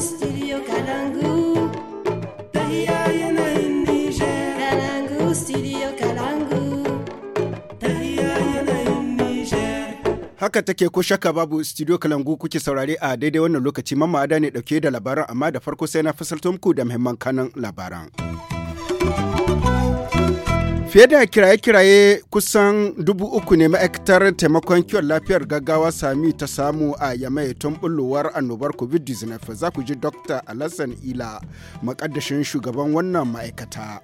studio Haka take ko shaka babu studio Kalangu kuke saurare a daidai wannan lokaci mamada ne dauke da labaran amma da farko sai na fasalto muku da muhimman kanan labaran. Fiye da kiraye-kiraye kusan dubu uku ne ma'aikatar taimakon kiwon lafiyar gaggawa sami ta samu a yamai tun bullowar annobar covid-19 za ku ji Dr. Alassan Ila makaddashin shugaban wannan ma'aikata.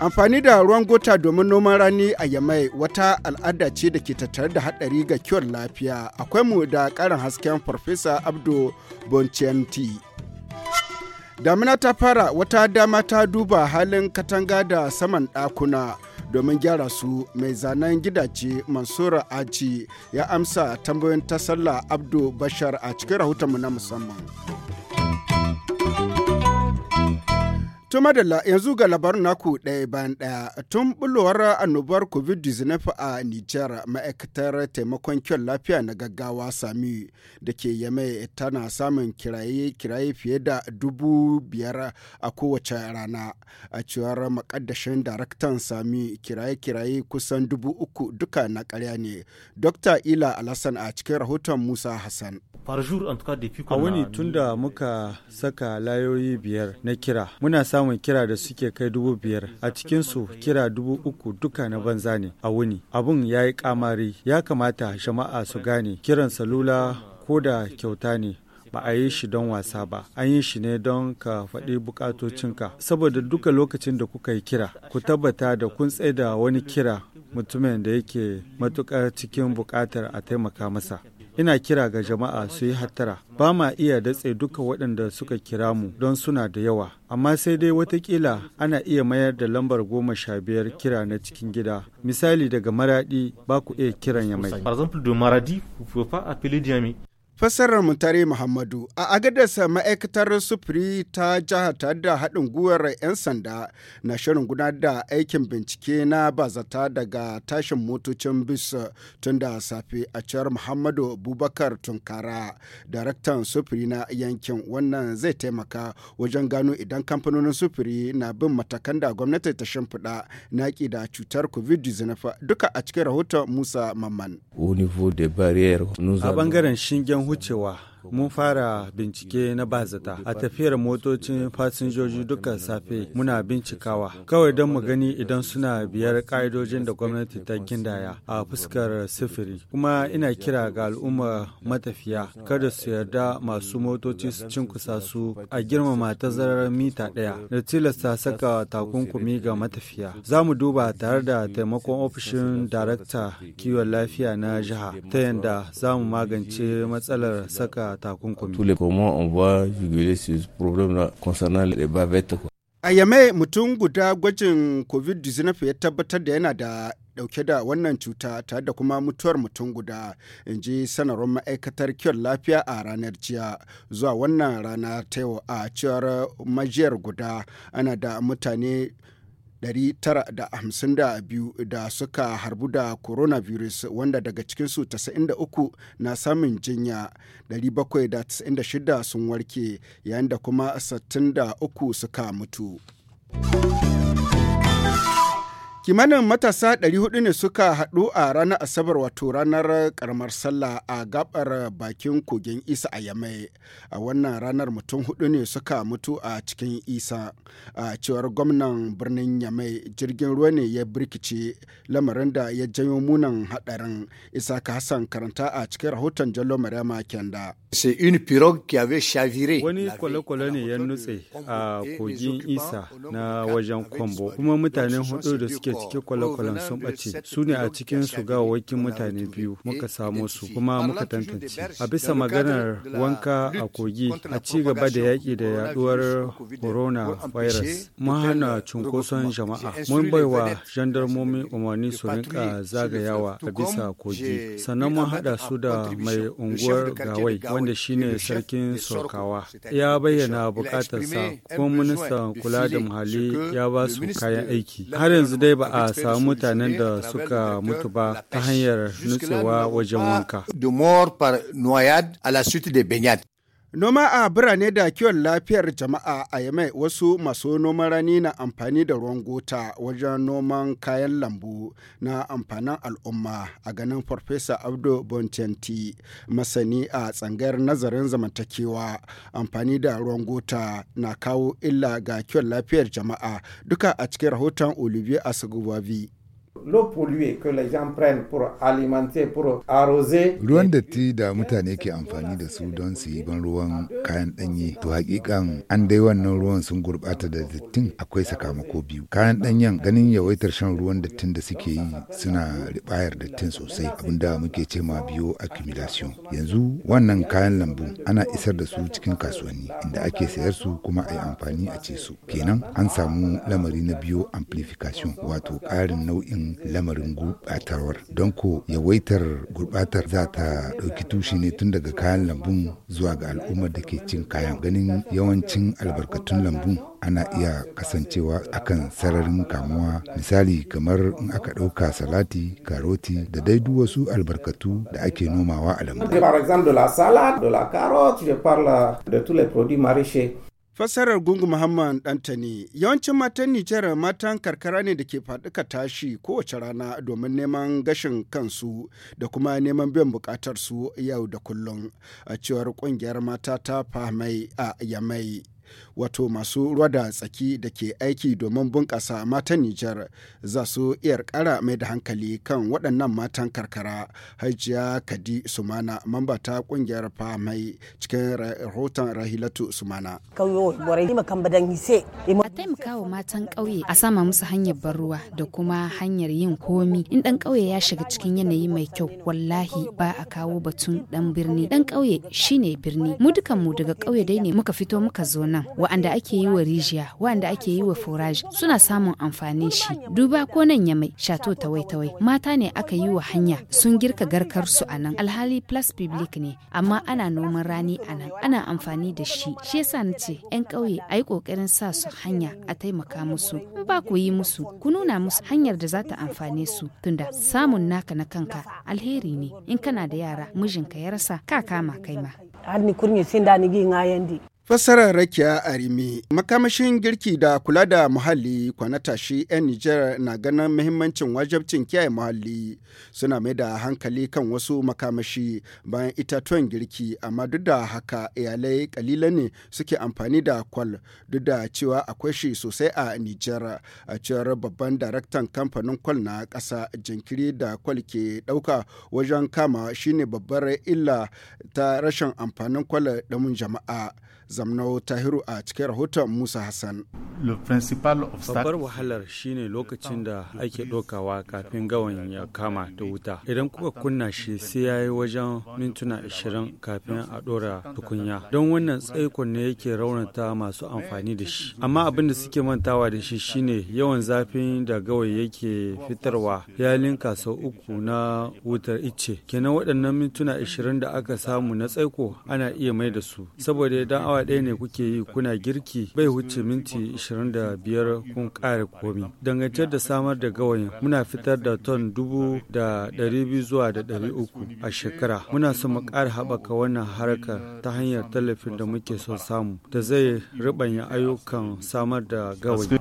Amfani da ruwan gota domin noman rani a yamai wata al'ada ce da ke tattare da haɗari ga kiwon lafiya. Akwai mu da ƙarin hasken Farfesa Abdu Bonchenti. damina ta fara wata dama ta duba halin katanga da saman ɗakuna domin gyara su mai zanen gidaje mansura aci ya amsa tambayoyin ta sallah abdu bashar a cikin rahoton mu na musamman. To madalla yanzu ga labarin naku ɗaya bayan ɗaya tun bulowar annobar COVID-19 a Nijar ma'aikatar taimakon kyan lafiya na gaggawa sami da ke yame tana samun kiraye-kiraye fiye da dubu biyar a kowace rana a cewar makaddashin daraktan sami kiraye-kiraye kusan dubu uku duka na karya ne. Dr. Ila Alhassan a cikin rahoton Musa Hassan. a wani tunda muka saka layoyi biyar na kira muna samun kira da suke kai dubu biyar a cikinsu kira dubu uku duka na banza ne a wuni abun ya yi kamari ya kamata jama'a su gane kiran salula ko da kyauta ne ba a yi shi don wasa ba an yi shi ne don ka faɗi bukatocinka saboda duka lokacin da kuka yi kira ku tabbata da kun tsaida wani kira mutumin da yake matukar cikin bukatar a taimaka masa ina kira ga jama'a su yi hattara ba ma iya datse duka waɗanda suka kira mu don suna da yawa amma sai dai watakila ana iya mayar da lambar goma sha biyar kira na cikin gida misali daga maradi ba ku iya kiran ya mai Fassarar Mutare Muhammadu a agadarsa ma'aikatar sufuri ta jihar ta da haɗin gwiwar 'yan sanda na shirin gudanar da aikin bincike na bazata daga tashin motocin bis tun da safe a cewar Muhammadu Bubakar Tunkara, daraktan sufuri na yankin wannan zai taimaka wajen gano idan kamfanonin sufuri na bin matakan da gwamnati ta shimfiɗa na da cutar COVID-19 duka a cikin rahoton Musa Mamman. A bangaren shingen wucewa mun fara bincike na bazata a tafiyar motocin fasinjoji dukkan safe muna bincikawa kawai don mu gani idan suna biyar ka'idojin da gwamnati ta gindaya a fuskar sifiri kuma ina kira ga al'umma matafiya kada su yarda masu motoci su cinkusa su a girmama tazarar mita ɗaya da tilasta saka takunkumi ga matafiya za mu duba tare da taimakon ofishin darakta kiwon lafiya na jiha ta yadda za mu magance matsalar saka takunkumi. A yame mutum guda gwajin COVID-19 ya tabbatar da yana da dauke da wannan cuta tare da kuma mutuwar mutum guda in ji sanarwar ma'aikatar kiwon lafiya a ranar jiya zuwa wannan rana ta yau a cewar majiyar guda ana da mutane 952 da suka harbu da coronavirus wanda daga cikinsu 93 na samun jinya 796 sun warke yayin da kuma 63 suka mutu. kimanin matasa 400 ne suka haɗu a ranar asabar wato ranar karamar sallah a gabar bakin kogin isa a yamai a wannan ranar mutum hudu ne suka mutu a cikin isa a cewar gwamnan birnin yamai jirgin ruwa ne ya birkice lamarin da ya janyo munan haɗarin isa ka hassan karanta a cikin rahoton jallo maryama kyanda wani kwale-kwale ne ya nutse a kogin isa na wajen kwambo kuma mutanen hudu da suke suke cikin kwale sun ɓace su ne a cikin su gawawwakin mutane biyu muka samo su kuma muka tantance a bisa maganar wanka a kogi a ci gaba da yaƙi da yaduwar corona virus mun hana cunkoson jama'a mun baiwa jandarmomi umarni su rinka zagayawa a bisa kogi sannan mun haɗa su da mai unguwar gawai wanda shine sarkin sokawa ya bayyana bukatarsa kuma ministan kula da muhalli ya ba su kayan aiki har yanzu dai ba a samu mutanen da suka mutu ba ta hanyar nutsewa wajen wanka. Noma a birane da kiwon lafiyar jama'a a Yamai wasu masu noman rani na amfani da ruwan gota wajen noman kayan lambu na amfanin al'umma a ganin Farfesa Abdo Bontenti masani a tsangayar nazarin zamantakewa amfani da ruwan gota na kawo illa ga kiwon lafiyar jama'a duka a cikin rahoton Olivier Asigubavi. l'eau polluée que les gens prennent pour alimenter, pour arroser. Ruwan datti da mutane ke amfani da su don su yi ban ruwan kayan ɗanye. To hakikan an dai wannan ruwan sun gurɓata da dattin akwai sakamako biyu. Kayan ɗanyen ganin yawaitar shan ruwan dattin da suke yi suna ribayar dattin sosai abinda muke ce ma biyo accumulation. Yanzu wannan kayan lambu ana isar da su cikin kasuwanni inda ake sayar su kuma a yi amfani a ce su. Kenan an samu lamari na biyo amplification wato ƙarin nau'in lamarin gurɓatawar don ko yawaitar gurɓatar za ta ɗauki tushe ne tun daga kayan lambun zuwa ga al'ummar da ke cin kayan ganin yawancin albarkatun lambun ana iya kasancewa akan sararin kamuwa misali kamar in aka ɗauka salati karoti da dai wasu albarkatu da ake nomawa a lambu. Fassarar Gungu Muhammad Dantani yawancin matan Nijar matan karkara ne da ke faɗuka tashi kowace rana domin neman gashin kansu da kuma neman biyan su yau da kullum a cewar ƙungiyar mata ta fahimai a Yamai. wato masu ruwa da tsaki da ke aiki domin bunƙasa matan Nijar za su iya ƙara mai da hankali kan waɗannan matan karkara. Hajiya Kadi Sumana mamba ta ƙungiyar Famai cikin rahoton Rahilatu Sumana. A taimaka wa matan ƙauye a sama musu hanyar barruwa da kuma hanyar yin komi in ɗan ƙauye ya shiga cikin yanayi mai kyau wallahi ba a kawo batun ɗan birni ɗan ƙauye shine birni mu dukan daga ƙauye dai ne muka fito muka zo nan nan waɗanda ake yi wa rijiya waɗanda ake yi wa forage suna samun amfani shi duba ko nan ya mai shato tawai tawai mata ne aka yi wa hanya sun girka garkar su a nan alhali plus public ne amma ana noman rani a nan ana amfani da shi shi yasa na ce yan ƙauye a yi ƙoƙarin sa su hanya a taimaka musu in ba ku yi musu ku nuna musu hanyar da za ta amfane su tunda samun naka na kanka alheri ne in kana da yara mijinka ya rasa ka kama kai ma. Fassarar Rakiya Arimi Makamashin girki da kula da muhalli kwana tashi 'yan Nijar na ganin muhimmancin wajabcin kiyaye muhalli suna mai da hankali kan wasu makamashi bayan itatuwan girki amma duk da haka iyalai kalila ne suke amfani da kwal duk da cewa akwai shi sosai a Nijar a cewar babban daraktan kamfanin kwal na ƙasa jinkiri da kwal ke ɗauka wajen kama shine babbar illa ta rashin amfanin kwal mun jama'a. zamnau tahiru a cikin rahoton musa hassan babbar wahalar shine lokacin da ake ɗaukawa kafin gawan ya kama da wuta idan kuka kunna shi sai ya yi wajen mintuna 20 kafin a ɗora tukunya don wannan tsaikon ne yake raunata masu amfani da shi amma abin da suke mantawa da shi shine yawan zafin da gawai yake fitarwa ya linka sau uku na wutar ice kenan waɗannan mintuna 20 da aka samu na tsaiko ana iya mai da su saboda idan awa ɗaya ne kuke yi kuna girki bai wuce minti 25 kun ƙara komi. Dangantar da samar da gawayi muna fitar da ton dubu da ɗari biyu zuwa da ɗari uku a shekara. Muna so mu ƙara haɓaka wannan harkar ta hanyar tallafin da muke son samu da zai riɓanya ayyukan samar da gawayi.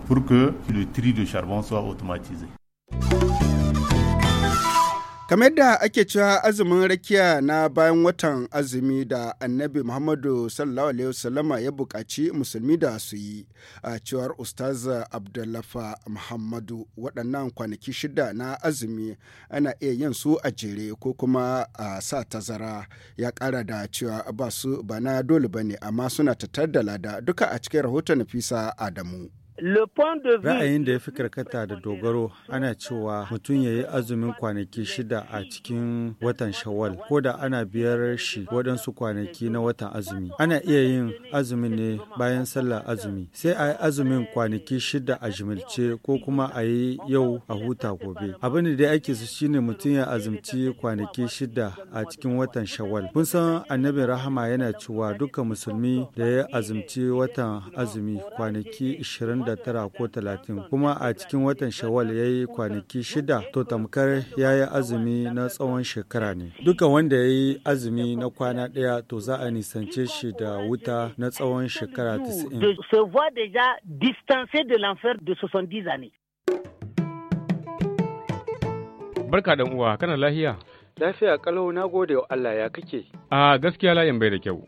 kamar da ake cewa azumin rakiya na bayan watan azumi da annabi muhammadu sallallahu alaihi wasallama ya buƙaci musulmi da su yi a cewar ustaz abdullafa muhammadu waɗannan kwanaki shida na azumi ana iya yin su a jere ko kuma a sa tazara ya ƙara da cewa ba su ba na dole ba ne amma suna tattar da lada duka a cikin rahoton nafisa adamu Ra'ayin da ya fi karkata da dogaro ana cewa mutum ya yi azumin kwanaki shida a cikin watan shawal ko da ana biyar shi waɗansu kwanaki na watan azumi. Ana iya yin azumi ne bayan sallar azumi sai a yi azumin kwanaki shida a jimilce ko kuma a yi yau a huta gobe. Abin da dai ake su shine mutum ya azumci kwanaki shida a cikin watan shawal Kun san annabin rahama yana cewa dukkan musulmi da ya azumci watan azumi kwanaki ishirin da tara ko talatin kuma a cikin watan shawal ya yi kwanaki shida to tamkar ya yi azumi na tsawon shekara ne duka wanda ya yi azumi na kwana ɗaya to za a nisance shi da wuta na tsawon shekara 90 barka da uwa kana lahiya lafiya kalau na gode wa Allah ya kake a gaskiya layin bai da kyau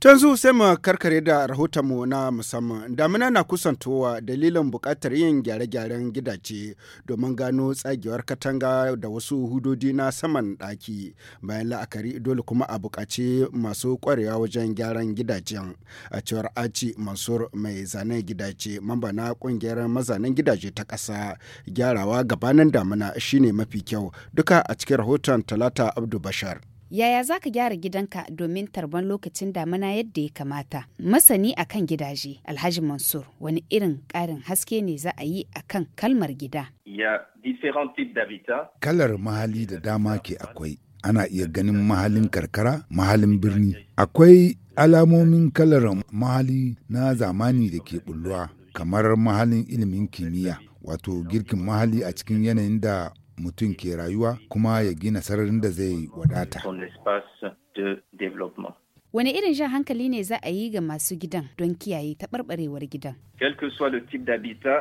Tanzu sai mu karkare da rahotonmu na musamman damina na kusantowa dalilin buƙatar yin gyare-gyaren gidaje domin gano tsagewar katanga da wasu hudodi na saman ɗaki bayan la'akari dole kuma a bukaci masu kwarewa wajen gyaran gidajen a cewar aci mansur mai zanen gidaje mamba na ƙungiyar mazanen gidaje ta ƙasa gyarawa gabanin damina shine mafi kyau duka a cikin rahoton talata abdu bashar Yaya za ka gyara gidanka domin tarban lokacin damina yadda ya kamata? Masani a kan gidaje, Alhaji Mansur, wani irin ƙarin haske ne za a yi a kan kalmar gida? Kalar mahali da dama ke akwai. Ana iya ganin mahalin karkara, mahalin birni. Akwai alamomin kalar mahali na zamani da ke bulluwa, kamar mahalin ilimin kimiyya, wato girkin mahali a cikin yanayin da mutum ke rayuwa kuma ya gina sararin da zai wadata. Wani irin shan hankali ne za a yi ga masu gidan don kiyaye taɓarɓarewar gidan?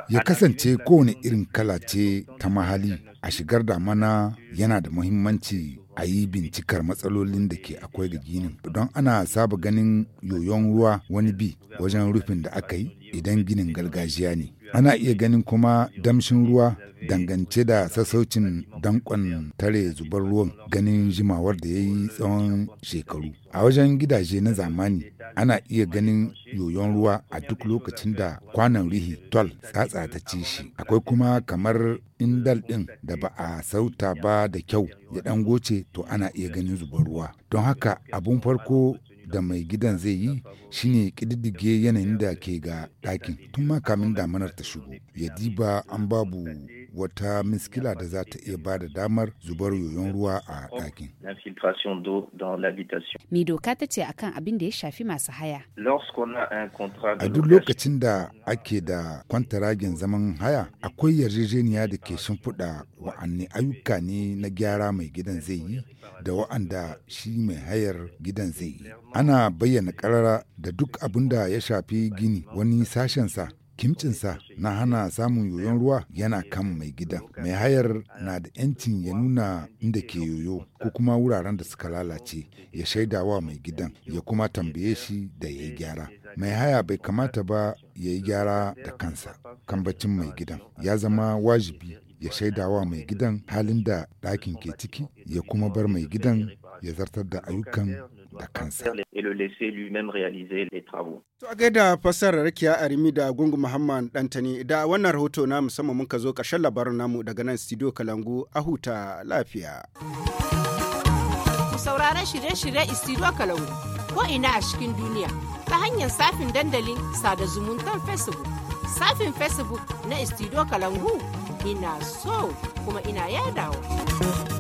Ya kasance kowane irin kala ce ta mahali a shigar da mana yana da muhimmanci a yi bincikar matsalolin da ke akwai ga ginin don ana saba ganin yoyon ruwa wani bi wajen rufin da aka yi idan ginin gargajiya ne. Ana iya ganin kuma damshin ruwa dangance da sassaucin dankon tare zubar ruwan ganin jimawar da ya yi tsawon shekaru. A wajen gidaje na zamani ana iya ganin yoyon ruwa a duk lokacin da kwanan rihi tol tsatsa ta ci shi. Akwai kuma kamar indal ɗin da ba a sauta ba da kyau ya ɗan goce to ana iya ganin zubar ruwa. Don haka abun farko da mai gidan zai yi shine ƙididdige yanayin da ke ga ɗakin tun ma kamin damanar ta shigo ya diba an babu wata miskila da za ta iya ba da damar zubar yoyon ruwa a ɗakin. Me doka ta ce akan abin da ya shafi masu haya? A duk lokacin da ake da kwantaragen zaman haya, akwai yarjejeniya da ke shimfiɗa wa'anni ayyuka ne na gyara mai gidan zai yi da wa'anda shi mai hayar gidan zai yi. Ana bayyana ƙarara da duk abin da ya shafi gini wani sashensa kimcinsa na hana samun yoyon ruwa yana kan mai gidan mai hayar na da yancin ya nuna inda ke yoyo ko kuma wuraren da suka lalace ya shaida wa mai gidan ya kuma tambaye shi da ya yi gyara mai haya bai kamata ba ya yi gyara da kansa kambacin mai gidan ya zama wajibi ya shaida wa mai gidan halin da ɗakin ke ciki ya kuma bar mai gidan ya zartar da ayyukan da kansa. To a gaida fasarar Rakiya Arimi da Gungu Muhammad Dantani da wannan rahoto na musamman mun ka zo ƙarshen labarin namu daga nan studio Kalangu a huta lafiya. Ku sauraron shirye shiryen studio Kalangu ko ina a cikin duniya ta hanyar safin dandalin sada zumuntar Facebook. Safin Facebook na studio Kalangu ina so kuma ina yadawa.